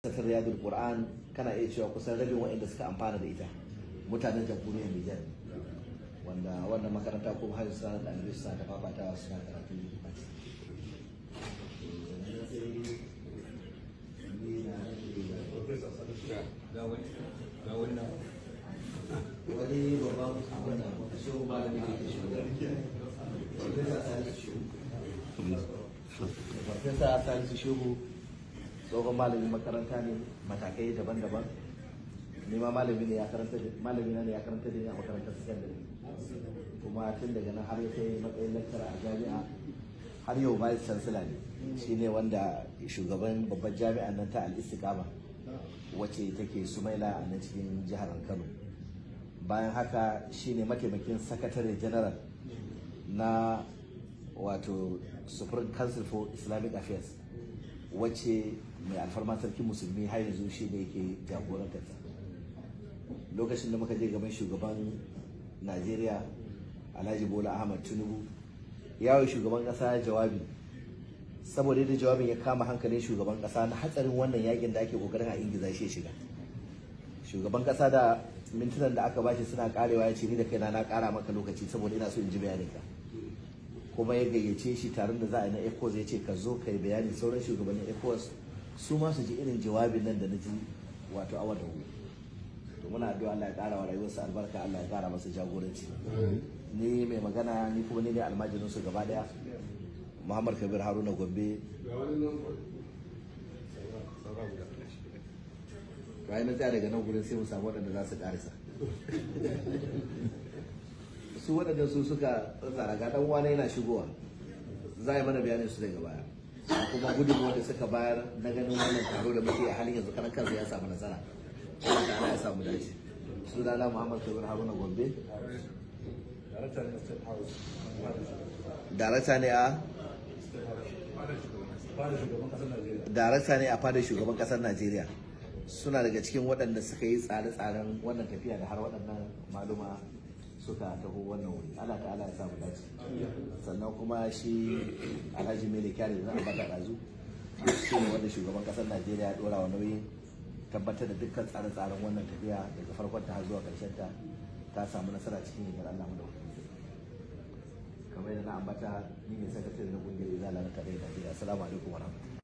safin riyadul qur'an kana iya cewa kusan rabin waɗanda suka amfana da ita mutanen jamhuriyar nijar wanda wannan makaranta ko hajji suna da babata suna ta fafatawa suna karatu a wani babban abin da shi ba da nake shi Salisu Shehu tsohon malamin makaranta ne matakai daban-daban ni ma malami ne ya karanta malami ne ya karanta da ni makarantar kuma tun daga nan har ya kai matsayin lecturer a jami'a har yau vice chancellor ne shine wanda shugaban babban jami'a nan ta al-istiqama wacce take sumaila a nan cikin jihar Kano bayan haka shine mataimakin sakatare general na wato supreme council for islamic affairs wacce mai alfarma sarki musulmi har yanzu shi ne yake jagorantarta lokacin da muka je gaban shugaban najeriya alhaji bola ahmad tinubu yawon shugaban kasa jawabi saboda yadda jawabin ya kama hankalin shugaban kasa na hatsarin wannan yakin da ake kokarin a ingiza shi shiga shugaban kasa da mintunan da aka bashi suna karewa ya ce ni da kai na kara maka lokaci saboda ina so in ji bayaninka kuma ya gayyace shi taron da za a yi na ECOWAS ya ce ka zo ka yi bayani sauran shugabannin ECOWAS su ma su ji irin jawabin nan da na ji wato awa da to muna addu'a Allah ya ƙara wa rayuwarsa albarka Allah ya ƙara masa jagoranci ni mai magana ni kuma ni ne almajirin su gaba daya Muhammad Kabir Haruna Gombe bayan na tsaya daga nan gudun sai mu samu waɗanda za su ƙarisa su waɗannan su suka tsara ga dan wani yana shigowa za a mana bayanin su daga baya kuma gudun wanda suka bayar na ganin wannan taro da muke a halin yanzu kanan kansa ya samu nasara Allah ta'ala ya samu dace sunana Muhammad Kabir Haruna Gombe Darakta ne a Darakta ne a fadar shugaban kasar Najeriya suna daga cikin waɗanda suka yi tsare-tsaren wannan tafiya da har waɗannan maluma suka taho wannan wuri ala ta'ala ya samu dace sannan kuma shi Alhaji Mele Kyari da zan bata dazu shi ne wanda shugaban kasar Najeriya ya dora wa nauyin tabbatar da dukkan tsare-tsaren wannan tafiya daga farkon ta zuwa karshen ta ta samu nasara cikin yankin Allah mu da kamar yadda na ambata ni ne sakatare na kungiyar Izala na Kadai Najeriya assalamu alaikum warahmatullahi